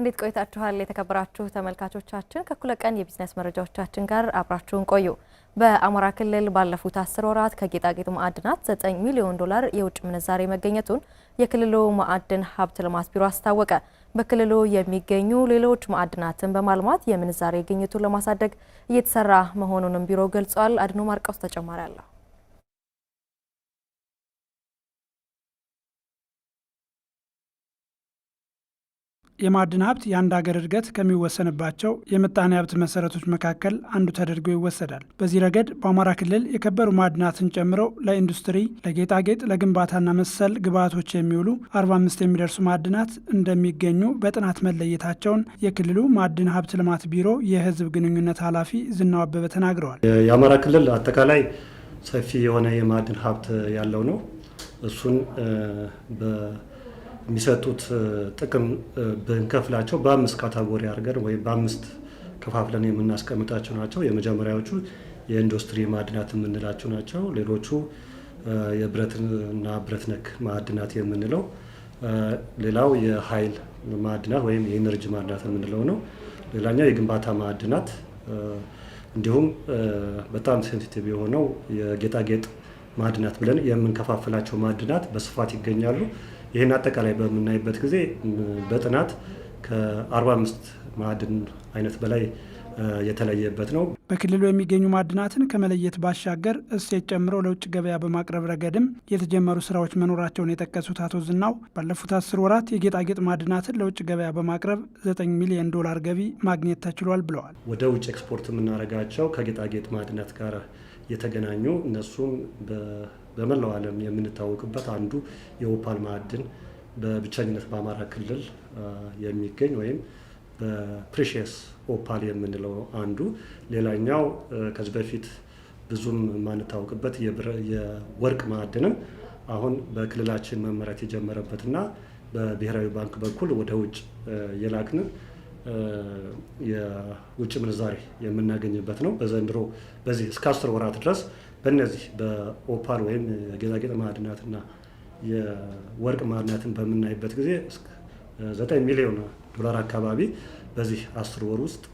እንዴት ቆይታችኋል? የተከበራችሁ ተመልካቾቻችን ከእኩለ ቀን የቢዝነስ መረጃዎቻችን ጋር አብራችሁን ቆዩ። በአማራ ክልል ባለፉት አስር ወራት ከጌጣጌጥ ማዕድናት 9 ሚሊዮን ዶላር የውጭ ምንዛሬ መገኘቱን የክልሉ ማዕድን ሀብት ልማት ቢሮ አስታወቀ። በክልሉ የሚገኙ ሌሎች ማዕድናትን በማልማት የምንዛሬ ግኝቱን ለማሳደግ እየተሰራ መሆኑንም ቢሮ ገልጿል። አድኖ ማርቀውስ ተጨማሪ አለሁ። የማዕድን ሀብት የአንድ ሀገር እድገት ከሚወሰንባቸው የምጣኔ ሀብት መሰረቶች መካከል አንዱ ተደርጎ ይወሰዳል። በዚህ ረገድ በአማራ ክልል የከበሩ ማዕድናትን ጨምሮ ለኢንዱስትሪ፣ ለጌጣጌጥ፣ ለግንባታና መሰል ግብዓቶች የሚውሉ 45 የሚደርሱ ማዕድናት እንደሚገኙ በጥናት መለየታቸውን የክልሉ ማዕድን ሀብት ልማት ቢሮ የህዝብ ግንኙነት ኃላፊ ዝናው አበበ ተናግረዋል። የአማራ ክልል አጠቃላይ ሰፊ የሆነ የማዕድን ሀብት ያለው ነው። እሱን የሚሰጡት ጥቅም ብንከፍላቸው በአምስት ካታጎሪ አድርገን ወይም በአምስት ከፋፍለን የምናስቀምጣቸው ናቸው። የመጀመሪያዎቹ የኢንዱስትሪ ማዕድናት የምንላቸው ናቸው። ሌሎቹ የብረትና ብረት ነክ ማዕድናት የምንለው፣ ሌላው የኃይል ማዕድናት ወይም የኤነርጂ ማዕድናት የምንለው ነው። ሌላኛው የግንባታ ማዕድናት እንዲሁም በጣም ሴንሲቲቭ የሆነው የጌጣጌጥ ማዕድናት ብለን የምንከፋፍላቸው ማዕድናት በስፋት ይገኛሉ። ይህን አጠቃላይ በምናይበት ጊዜ በጥናት ከ45 ማዕድን አይነት በላይ የተለየበት ነው። በክልሉ የሚገኙ ማዕድናትን ከመለየት ባሻገር እሴት ጨምሮ ለውጭ ገበያ በማቅረብ ረገድም የተጀመሩ ስራዎች መኖራቸውን የጠቀሱት አቶ ዝናው ባለፉት አስር ወራት የጌጣጌጥ ማዕድናትን ለውጭ ገበያ በማቅረብ 9 ሚሊዮን ዶላር ገቢ ማግኘት ተችሏል ብለዋል። ወደ ውጭ ኤክስፖርት የምናደርጋቸው ከጌጣጌጥ ማዕድናት ጋር የተገናኙ እነሱም በመላው ዓለም የምንታወቅበት አንዱ የኦፓል ማዕድን በብቸኝነት በአማራ ክልል የሚገኝ ወይም በፕሪሽየስ ኦፓል የምንለው አንዱ፣ ሌላኛው ከዚህ በፊት ብዙም የማንታወቅበት የወርቅ ማዕድንም አሁን በክልላችን መመረት የጀመረበትና በብሔራዊ ባንክ በኩል ወደ ውጭ የላክን የውጭ ምንዛሬ የምናገኝበት ነው። በዘንድሮ በዚህ እስከ አስር ወራት ድረስ በእነዚህ በኦፓል ወይም የጌጣጌጥ ማዕድናትና የወርቅ ማዕድናትን በምናይበት ጊዜ 9 ሚሊዮን ዶላር አካባቢ በዚህ አስር ወር ውስጥ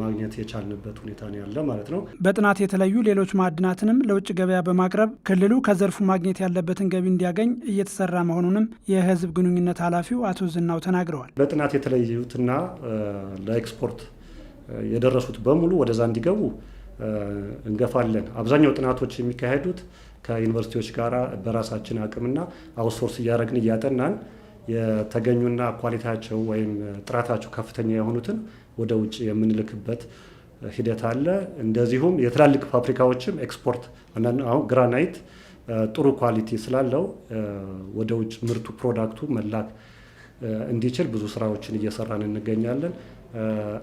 ማግኘት የቻልንበት ሁኔታ ነው ያለ ማለት ነው። በጥናት የተለዩ ሌሎች ማዕድናትንም ለውጭ ገበያ በማቅረብ ክልሉ ከዘርፉ ማግኘት ያለበትን ገቢ እንዲያገኝ እየተሰራ መሆኑንም የሕዝብ ግንኙነት ኃላፊው አቶ ዝናው ተናግረዋል። በጥናት የተለዩትና ለኤክስፖርት የደረሱት በሙሉ ወደዛ እንዲገቡ እንገፋለን። አብዛኛው ጥናቶች የሚካሄዱት ከዩኒቨርሲቲዎች ጋር በራሳችን አቅምና አውትሶርስ እያደረግን እያጠናን የተገኙና ኳሊቲያቸው ወይም ጥራታቸው ከፍተኛ የሆኑትን ወደ ውጭ የምንልክበት ሂደት አለ። እንደዚሁም የትላልቅ ፋብሪካዎችም ኤክስፖርት አሁን ግራናይት ጥሩ ኳሊቲ ስላለው ወደ ውጭ ምርቱ ፕሮዳክቱ መላክ እንዲችል ብዙ ስራዎችን እየሰራን እንገኛለን።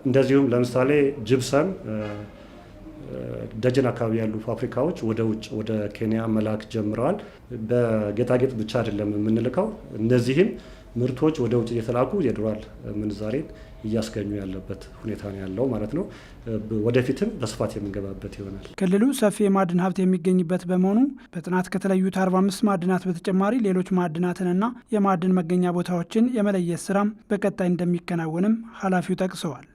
እንደዚሁም ለምሳሌ ጅብሰም ደጀን አካባቢ ያሉ ፋብሪካዎች ወደ ውጭ ወደ ኬንያ መላክ ጀምረዋል። በጌጣጌጥ ብቻ አይደለም የምንልከው። እነዚህም ምርቶች ወደ ውጭ እየተላኩ የዶላር ምንዛሬን እያስገኙ ያለበት ሁኔታ ነው ያለው ማለት ነው። ወደፊትም በስፋት የምንገባበት ይሆናል። ክልሉ ሰፊ የማዕድን ሀብት የሚገኝበት በመሆኑ በጥናት ከተለዩት 45 ማዕድናት በተጨማሪ ሌሎች ማዕድናትንና የማዕድን መገኛ ቦታዎችን የመለየት ስራም በቀጣይ እንደሚከናወንም ኃላፊው ጠቅሰዋል።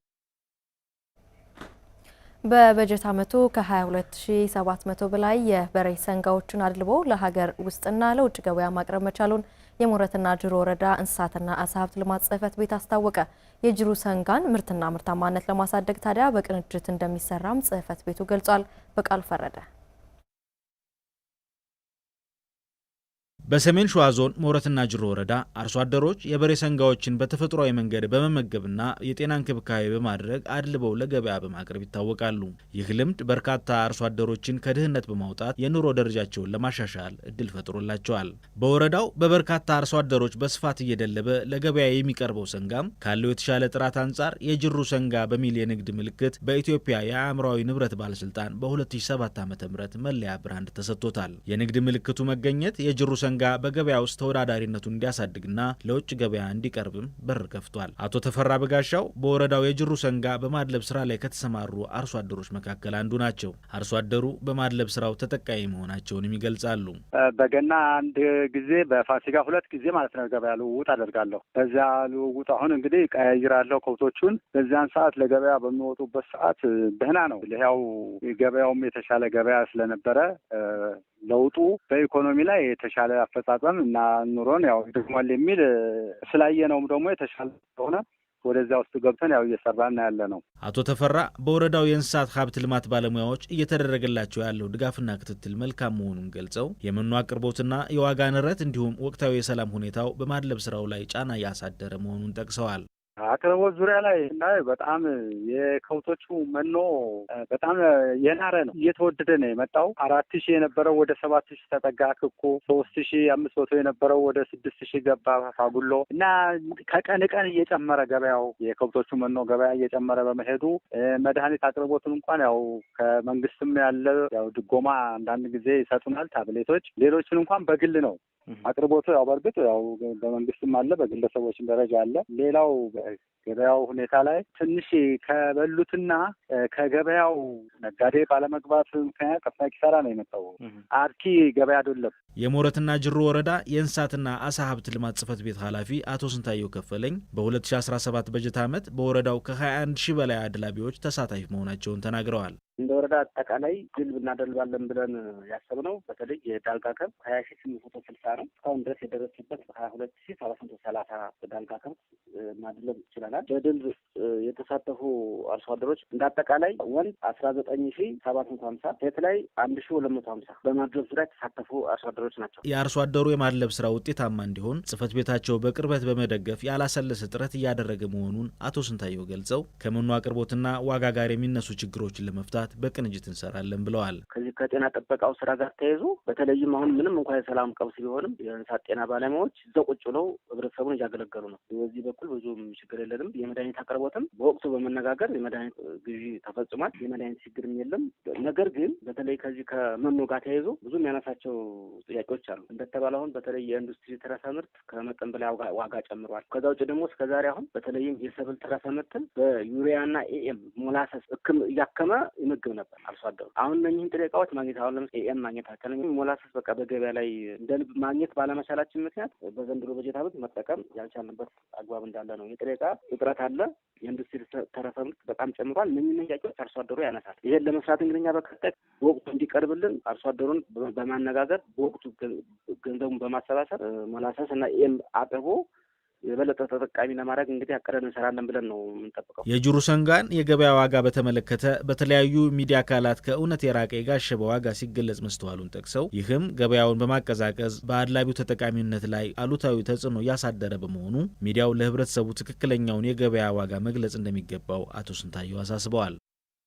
በበጀት ዓመቱ ከ22700 በላይ የበሬ ሰንጋዎችን አድልቦ ለሀገር ውስጥና ለውጭ ገበያ ማቅረብ መቻሉን የሞረትና ጅሩ ወረዳ እንስሳትና አሳ ሀብት ልማት ጽሕፈት ቤት አስታወቀ። የጅሩ ሰንጋን ምርትና ምርታማነት ለማሳደግ ታዲያ በቅንጅት እንደሚሰራም ጽሕፈት ቤቱ ገልጿል። በቃሉ ፈረደ በሰሜን ሸዋ ዞን መውረትና ጅሮ ወረዳ አርሶ አደሮች የበሬ ሰንጋዎችን በተፈጥሯዊ መንገድ በመመገብና የጤና እንክብካቤ በማድረግ አድልበው ለገበያ በማቅረብ ይታወቃሉ። ይህ ልምድ በርካታ አርሶ አደሮችን ከድህነት በማውጣት የኑሮ ደረጃቸውን ለማሻሻል እድል ፈጥሮላቸዋል። በወረዳው በበርካታ አርሶ አደሮች በስፋት እየደለበ ለገበያ የሚቀርበው ሰንጋም ካለው የተሻለ ጥራት አንጻር የጅሩ ሰንጋ በሚል የንግድ ምልክት በኢትዮጵያ የአእምሯዊ ንብረት ባለስልጣን በ2007 ዓ.ም መለያ ብራንድ ተሰጥቶታል። የንግድ ምልክቱ መገኘት የጅሩ ሰንጋ ማንጋ በገበያ ውስጥ ተወዳዳሪነቱን እንዲያሳድግና ለውጭ ገበያ እንዲቀርብም በር ከፍቷል። አቶ ተፈራ በጋሻው በወረዳው የጅሩ ሰንጋ በማድለብ ስራ ላይ ከተሰማሩ አርሶ አደሮች መካከል አንዱ ናቸው። አርሶ አደሩ በማድለብ ስራው ተጠቃሚ መሆናቸውንም ይገልጻሉ። በገና አንድ ጊዜ፣ በፋሲካ ሁለት ጊዜ ማለት ነው ገበያ ልውውጥ አደርጋለሁ። በዚያ ልውውጥ አሁን እንግዲህ ቀያይራለሁ ከብቶቹን በዚያን ሰዓት ለገበያ በሚወጡበት ሰዓት ደህና ነው። ያው ገበያውም የተሻለ ገበያ ስለነበረ ለውጡ በኢኮኖሚ ላይ የተሻለ አፈጻጸም እና ኑሮን ያው ይደግሟል የሚል ስላየነውም ደግሞ የተሻለ ስለሆነ ወደዚያ ውስጥ ገብተን ያው እየሰራን ያለ ነው። አቶ ተፈራ በወረዳው የእንስሳት ሀብት ልማት ባለሙያዎች እየተደረገላቸው ያለው ድጋፍና ክትትል መልካም መሆኑን ገልጸው የመኖ አቅርቦትና የዋጋ ንረት እንዲሁም ወቅታዊ የሰላም ሁኔታው በማድለብ ስራው ላይ ጫና እያሳደረ መሆኑን ጠቅሰዋል። አቅርቦት ዙሪያ ላይ ስናየው በጣም የከብቶቹ መኖ በጣም የናረ ነው፣ እየተወደደ ነው የመጣው። አራት ሺህ የነበረው ወደ ሰባት ሺህ ተጠጋ። ክኩ ሶስት ሺህ አምስት መቶ የነበረው ወደ ስድስት ሺህ ገባ። ፋጉሎ እና ከቀን ቀን እየጨመረ ገበያው የከብቶቹ መኖ ገበያ እየጨመረ በመሄዱ መድኃኒት አቅርቦቱን እንኳን ያው ከመንግስትም ያለ ያው ድጎማ አንዳንድ ጊዜ ይሰጡናል ታብሌቶች፣ ሌሎችን እንኳን በግል ነው አቅርቦቱ ያው በእርግጥ ያው በመንግስትም አለ በግለሰቦችም ደረጃ አለ። ሌላው ገበያው ሁኔታ ላይ ትንሽ ከበሉትና ከገበያው ነጋዴ ባለመግባት ምክንያት ከፍተኛ ኪሳራ ነው የመጣው። አርኪ ገበያ አይደለም። የሞረትና ጅሮ ወረዳ የእንስሳትና አሳ ሀብት ልማት ጽህፈት ቤት ኃላፊ አቶ ስንታየው ከፈለኝ በ2017 በጀት ዓመት በወረዳው ከ21 ሺ በላይ አድላቢዎች ተሳታፊ መሆናቸውን ተናግረዋል። እንደ ወረዳ አጠቃላይ ድል እናደልባለን ብለን ያሰብነው በተለይ የዳልጋ ከብ ሀያ ሺ ስምንት መቶ ስልሳ ነው። እስካሁን ድረስ የደረስበት ሀያ ሁለት ሺ ሰባት መቶ ሰላሳ ዳልጋ ከብ ማድለብ ይችላል። ይባላል። በድል የተሳተፉ አርሶ አደሮች ወንድ አስራ ዘጠኝ ሺ ሰባት መቶ ሀምሳ ሴት ላይ አንድ ሺ ሁለት መቶ ሀምሳ በማድለብ ዙሪያ የተሳተፉ አርሶ አደሮች ናቸው። የአርሶ አደሩ የማድለብ ስራ ውጤታማ እንዲሆን ጽህፈት ቤታቸው በቅርበት በመደገፍ ያላሰለሰ ጥረት እያደረገ መሆኑን አቶ ስንታየው ገልጸው ከመኖ አቅርቦትና ዋጋ ጋር የሚነሱ ችግሮችን ለመፍታት በቅንጅት እንሰራለን ብለዋል። ከዚህ ከጤና ጥበቃው ስራ ጋር ተያይዞ በተለይም አሁን ምንም እንኳ የሰላም ቀውስ ቢሆንም የእንስሳት ጤና ባለሙያዎች እዛ ቁጭ ብለው ህብረተሰቡን እያገለገሉ ነው። በዚህ በኩል ብዙም ችግር የለንም። አቅርቦትም የመድኃኒት አቅርቦትም በወቅቱ በመነጋገር የመድኃኒት ግዢ ተፈጽሟል። የመድኃኒት ችግርም የለም። ነገር ግን በተለይ ከዚህ ከመኖ ጋር ተያይዞ ብዙ የሚያነሳቸው ጥያቄዎች አሉ። እንደተባለ አሁን በተለይ የኢንዱስትሪ ተረፈ ምርት ከመጠን በላይ ዋጋ ጨምሯል። ከዛ ውጭ ደግሞ እስከዛሬ አሁን በተለይም የሰብል ተረፈ ምርትን በዩሪያ በዩሪያና ኤኤም ሞላሰስ እክም እያከመ ይመግብ ነበር አርሶ አደሩ። አሁን እነኝህን ጥሬ ማግኘት አሁን ለምስ ኤኤም ማግኘት አልቻለም። ሞላሰስ በቃ በገበያ ላይ እንደ ልብ ማግኘት ባለመቻላችን ምክንያት በዘንድሮ በጀት ዓመት መጠቀም ያልቻልንበት አግባብ እንዳለ ነው። የጥሬቃ እጥረት አለ። የኢንዱስትሪ ተረፈ ምርት በጣም ጨምሯል። እነህ ጥያቄዎች አርሶ አደሩ ያነሳል። ይሄን ለመስራት እንግዲህ እኛ በቀጣይ እንዲቀርብልን አርሶ አደሩን በማነጋገር በወቅቱ ገንዘቡን በማሰባሰብ መላሰስ እና ኤም አቅርቦ የበለጠ ተጠቃሚ ለማድረግ እንግዲህ አቅደን እንሰራለን ብለን ነው የምንጠብቀው። የጁሩ ሰንጋን የገበያ ዋጋ በተመለከተ በተለያዩ ሚዲያ አካላት ከእውነት የራቀ የጋሸበ ዋጋ ሲገለጽ መስተዋሉን ጠቅሰው ይህም ገበያውን በማቀዛቀዝ በአድላቢው ተጠቃሚነት ላይ አሉታዊ ተጽዕኖ እያሳደረ በመሆኑ ሚዲያው ለህብረተሰቡ ትክክለኛውን የገበያ ዋጋ መግለጽ እንደሚገባው አቶ ስንታየው አሳስበዋል።